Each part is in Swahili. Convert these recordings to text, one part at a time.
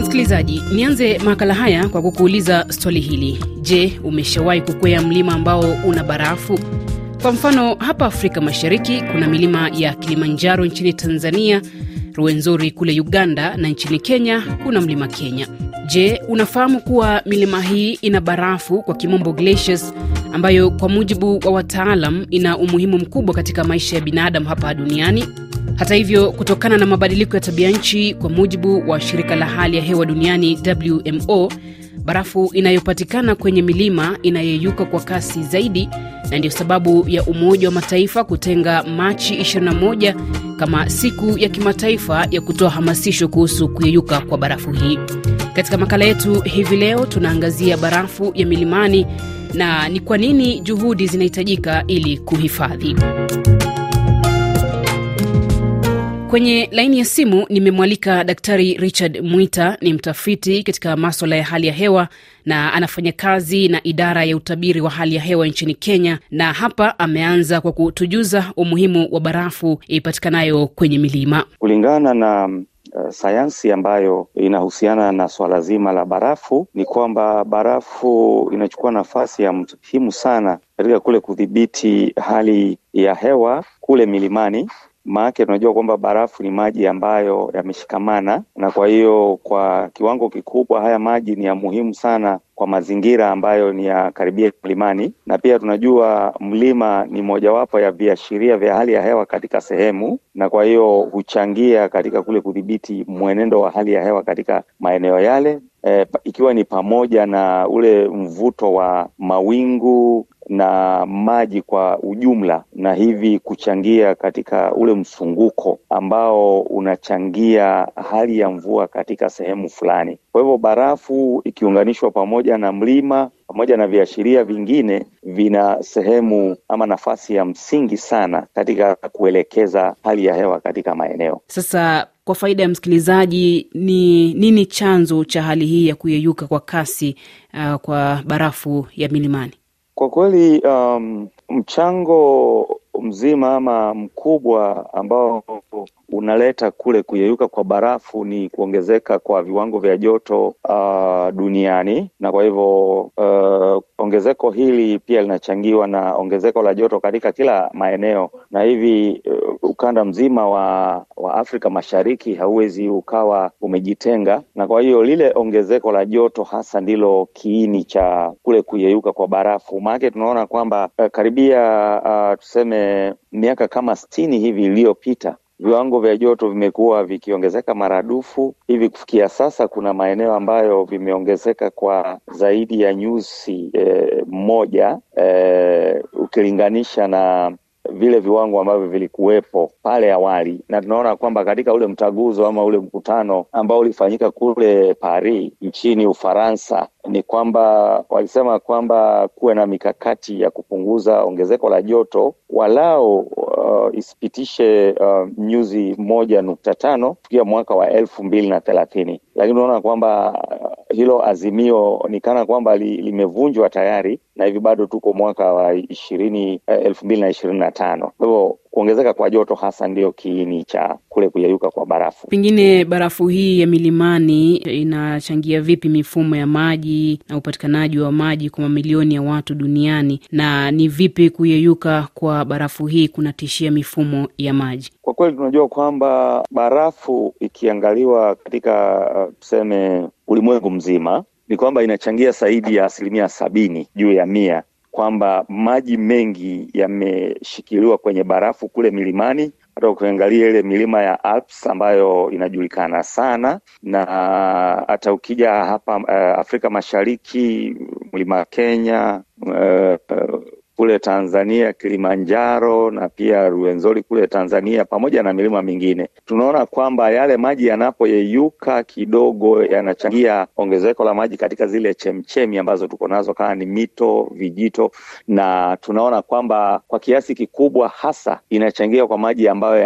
Msikilizaji, nianze makala haya kwa kukuuliza swali hili. Je, umeshawahi kukwea mlima ambao una barafu? Kwa mfano, hapa Afrika Mashariki kuna milima ya Kilimanjaro nchini Tanzania Ruwenzori kule Uganda na nchini Kenya kuna mlima Kenya. Je, unafahamu kuwa milima hii ina barafu kwa kimombo glaciers, ambayo kwa mujibu wa wataalam ina umuhimu mkubwa katika maisha ya binadamu hapa duniani? Hata hivyo, kutokana na mabadiliko ya tabia nchi, kwa mujibu wa shirika la hali ya hewa duniani WMO, barafu inayopatikana kwenye milima inayeyuka kwa kasi zaidi, na ndiyo sababu ya Umoja wa Mataifa kutenga Machi 21 kama siku ya kimataifa ya kutoa hamasisho kuhusu kuyeyuka kwa barafu hii. Katika makala yetu hivi leo tunaangazia barafu ya milimani na ni kwa nini juhudi zinahitajika ili kuhifadhi. Kwenye laini ya simu nimemwalika Daktari Richard Mwita, ni mtafiti katika maswala ya hali ya hewa na anafanya kazi na idara ya utabiri wa hali ya hewa nchini Kenya, na hapa ameanza kwa kutujuza umuhimu wa barafu ipatikanayo kwenye milima kulingana na Uh, sayansi ambayo inahusiana na swala zima la barafu ni kwamba barafu inachukua nafasi ya muhimu sana katika kule kudhibiti hali ya hewa kule milimani, maake tunajua kwamba barafu ni maji ambayo yameshikamana, na kwa hiyo kwa kiwango kikubwa haya maji ni ya muhimu sana kwa mazingira ambayo ni ya karibia mlimani, na pia tunajua mlima ni mojawapo ya viashiria vya hali ya hewa katika sehemu, na kwa hiyo huchangia katika kule kudhibiti mwenendo wa hali ya hewa katika maeneo yale. E, ikiwa ni pamoja na ule mvuto wa mawingu na maji kwa ujumla, na hivi kuchangia katika ule msunguko ambao unachangia hali ya mvua katika sehemu fulani. Kwa hivyo barafu ikiunganishwa pamoja na mlima pamoja na viashiria vingine vina sehemu ama nafasi ya msingi sana katika kuelekeza hali ya hewa katika maeneo. Sasa kwa faida ya msikilizaji, ni nini chanzo cha hali hii ya kuyeyuka kwa kasi uh, kwa barafu ya milimani? Kwa kweli um, mchango mzima ama mkubwa ambao unaleta kule kuyeyuka kwa barafu ni kuongezeka kwa viwango vya joto uh, duniani na kwa hivyo uh, ongezeko hili pia linachangiwa na ongezeko la joto katika kila maeneo, na hivi uh, ukanda mzima wa, wa Afrika Mashariki hauwezi ukawa umejitenga, na kwa hiyo lile ongezeko la joto hasa ndilo kiini cha kule kuyeyuka kwa barafu. Maanake tunaona kwamba uh, karibia uh, tuseme miaka kama stini hivi iliyopita viwango vya joto vimekuwa vikiongezeka maradufu hivi kufikia sasa, kuna maeneo ambayo vimeongezeka kwa zaidi ya nyuzi e, moja e, ukilinganisha na vile viwango ambavyo vilikuwepo pale awali, na tunaona kwamba katika ule mtaguzo ama ule mkutano ambao ulifanyika kule Paris nchini Ufaransa ni kwamba walisema kwamba kuwe na mikakati ya kupunguza ongezeko la joto walao uh, isipitishe uh, nyuzi moja nukta tano kufikia mwaka wa elfu mbili na thelathini, lakini unaona kwamba uh, hilo azimio ni kana kwamba li, limevunjwa tayari na hivi bado tuko mwaka wa ishirini eh, elfu mbili na ishirini na tano kwa hivyo kuongezeka kwa joto hasa ndiyo kiini cha kule kuyayuka kwa barafu. Pengine barafu hii ya milimani inachangia vipi mifumo ya maji na upatikanaji wa maji kwa mamilioni ya watu duniani, na ni vipi kuyeyuka kwa barafu hii kunatishia mifumo ya maji? Kwa kweli tunajua kwamba barafu ikiangaliwa katika uh, tuseme ulimwengu mzima ni kwamba inachangia zaidi ya asilimia sabini juu ya mia kwamba maji mengi yameshikiliwa kwenye barafu kule milimani. Hata ukiangalia ile milima ya Alps ambayo inajulikana sana, na hata ukija hapa uh, Afrika Mashariki, mlima wa Kenya, uh, kule Tanzania, Kilimanjaro na pia Ruwenzori kule Tanzania, pamoja na milima mingine, tunaona kwamba yale maji yanapoyeyuka kidogo yanachangia ongezeko la maji katika zile chemchemi ambazo tuko nazo kama ni mito, vijito, na tunaona kwamba kwa kiasi kikubwa hasa inachangia kwa maji ambayo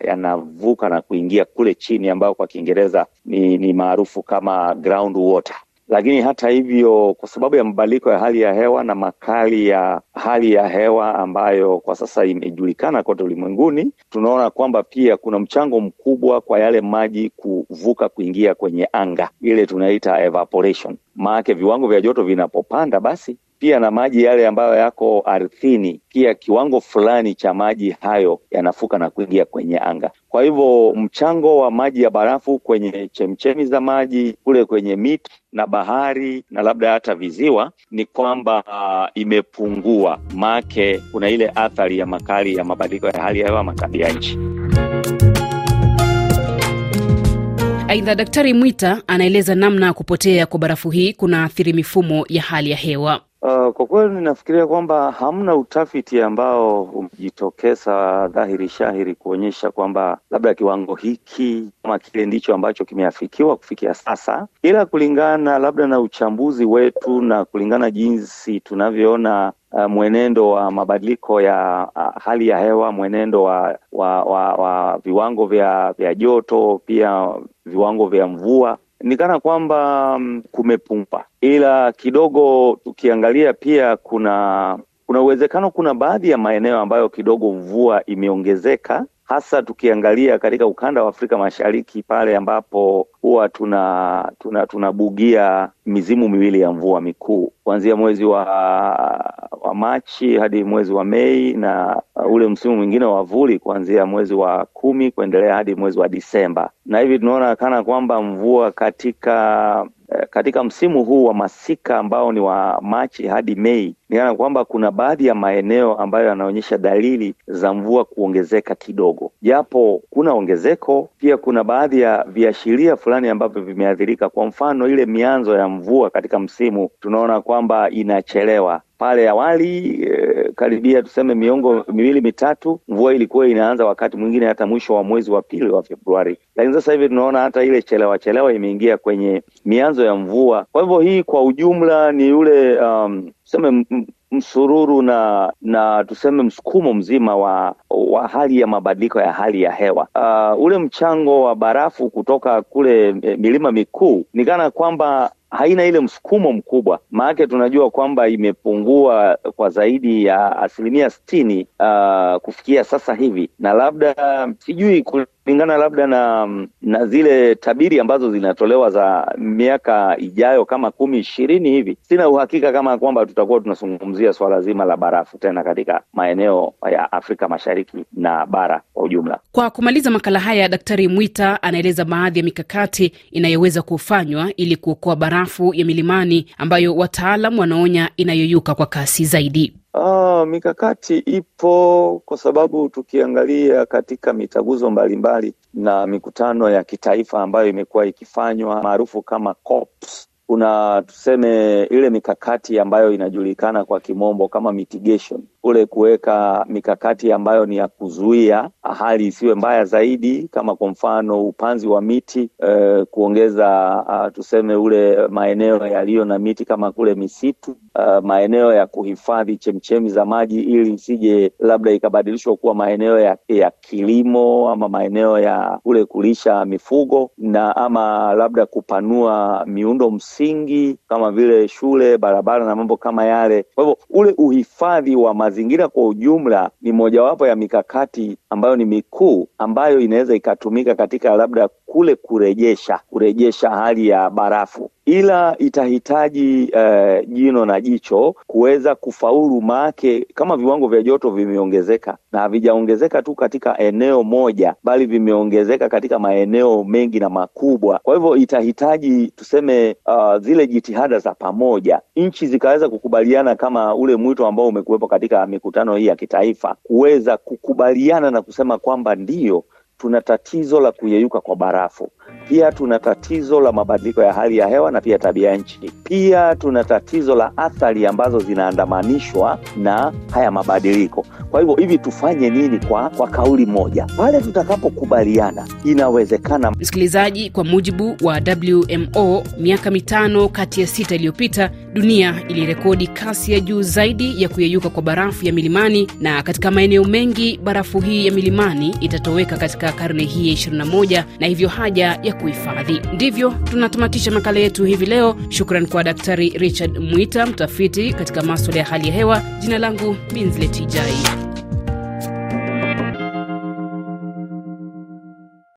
yanavuka na kuingia kule chini, ambayo kwa Kiingereza ni, ni maarufu kama ground water. Lakini hata hivyo, kwa sababu ya mabadiliko ya hali ya hewa na makali ya hali ya hewa ambayo kwa sasa imejulikana kote ulimwenguni, tunaona kwamba pia kuna mchango mkubwa kwa yale maji kuvuka kuingia kwenye anga, ile tunaita evaporation. Maanake viwango vya joto vinapopanda, basi pia na maji yale ambayo yako ardhini, pia kiwango fulani cha maji hayo yanafuka na kuingia kwenye anga. Kwa hivyo mchango wa maji ya barafu kwenye chemchemi za maji kule kwenye mito na bahari na labda hata viziwa ni kwamba uh, imepungua, make kuna ile athari ya makali ya mabadiliko ya hali ya hewa ya nchi. Aidha, Daktari Mwita anaeleza namna ya kupotea kwa barafu hii kuna athiri mifumo ya hali ya hewa. Uh, kwa kweli ninafikiria kwamba hamna utafiti ambao umejitokeza dhahiri shahiri kuonyesha kwamba labda kiwango hiki kama kile ndicho ambacho kimeafikiwa kufikia sasa, ila kulingana labda na uchambuzi wetu na kulingana jinsi tunavyoona Uh, mwenendo wa mabadiliko ya uh, hali ya hewa, mwenendo wa, wa, wa, wa viwango vya, vya joto, pia viwango vya mvua ni kana kwamba mm, kumepumpa, ila kidogo tukiangalia pia kuna kuna uwezekano, kuna baadhi ya maeneo ambayo kidogo mvua imeongezeka, hasa tukiangalia katika ukanda wa Afrika Mashariki pale ambapo huwa tuna, tuna tunabugia mizimu miwili ya mvua mikuu kuanzia mwezi wa, wa Machi hadi mwezi wa Mei na ule msimu mwingine wa vuli kuanzia mwezi wa kumi kuendelea hadi mwezi wa Disemba, na hivi tunaona kana kwamba mvua katika eh, katika msimu huu wa masika ambao ni wa Machi hadi Mei niana kwamba kuna baadhi ya maeneo ambayo yanaonyesha dalili za mvua kuongezeka kidogo, japo kuna ongezeko pia, kuna baadhi ya viashiria fulani fulani ambavyo vimeathirika. Kwa mfano, ile mianzo ya mvua katika msimu tunaona kwamba inachelewa pale awali e, karibia tuseme miongo miwili mitatu, mvua ilikuwa inaanza wakati mwingine hata mwisho wa mwezi wa pili wa Februari, lakini sasa hivi tunaona hata ile chelewa chelewa imeingia kwenye mianzo ya mvua. Kwa hivyo hii kwa ujumla ni yule um, tuseme msururu na na tuseme msukumo mzima wa, wa hali ya mabadiliko ya hali ya hewa. Uh, ule mchango wa barafu kutoka kule eh, milima mikuu ni kana kwamba haina ile msukumo mkubwa, maanake tunajua kwamba imepungua kwa zaidi ya asilimia sitini uh, kufikia sasa hivi, na labda sijui kulingana labda na, na zile tabiri ambazo zinatolewa za miaka ijayo kama kumi ishirini hivi, sina uhakika kama kwamba tutakuwa tunazungumzia swala zima la barafu tena katika maeneo ya Afrika Mashariki na bara kwa ujumla. Kwa kumaliza makala haya, Daktari Mwita anaeleza baadhi ya mikakati inayoweza kufanywa ili kuokoa barafu ya milimani ambayo wataalam wanaonya inayoyuka kwa kasi zaidi. Ah, mikakati ipo kwa sababu tukiangalia katika mitaguzo mbalimbali na mikutano ya kitaifa ambayo imekuwa ikifanywa maarufu kama COPs, kuna tuseme ile mikakati ambayo inajulikana kwa kimombo kama mitigation kule kuweka mikakati ambayo ni ya kuzuia hali isiwe mbaya zaidi, kama kwa mfano upanzi wa miti e, kuongeza a, ah, tuseme ule maeneo yaliyo na miti kama kule misitu a, eh, maeneo ya kuhifadhi chemchemi za maji ili isije labda ikabadilishwa kuwa maeneo ya, ya kilimo ama maeneo ya kule kulisha mifugo na ama labda kupanua miundo msingi kama vile shule, barabara na mambo kama yale. Kwa hivyo ule uhifadhi wa mazingira kwa ujumla ni mojawapo ya mikakati ambayo ni mikuu ambayo inaweza ikatumika katika labda kule kurejesha kurejesha hali ya barafu, ila itahitaji uh, jino na jicho kuweza kufaulu, maake kama viwango vya joto vimeongezeka na havijaongezeka tu katika eneo moja, bali vimeongezeka katika maeneo mengi na makubwa. Kwa hivyo itahitaji tuseme, uh, zile jitihada za pamoja, nchi zikaweza kukubaliana, kama ule mwito ambao umekuwepo katika mikutano hii ya kitaifa, kuweza kukubaliana na kusema kwamba ndiyo tuna tatizo la kuyeyuka kwa barafu. Pia tuna tatizo la mabadiliko ya hali ya hewa na pia tabia nchi. Pia tuna tatizo la athari ambazo zinaandamanishwa na haya mabadiliko. Kwa hivyo hivi tufanye nini? Kwa, kwa kauli moja pale tutakapokubaliana, inawezekana. Msikilizaji, kwa mujibu wa WMO, miaka mitano kati ya sita iliyopita dunia ilirekodi kasi ya juu zaidi ya kuyeyuka kwa barafu ya milimani, na katika maeneo mengi barafu hii ya milimani itatoweka katika karne hii ya 21 na hivyo haja ya kuhifadhi. Ndivyo tunatamatisha makala yetu hivi leo. Shukran kwa Daktari Richard Mwita, mtafiti katika maswala ya hali ya hewa. Jina langu Minzletijai.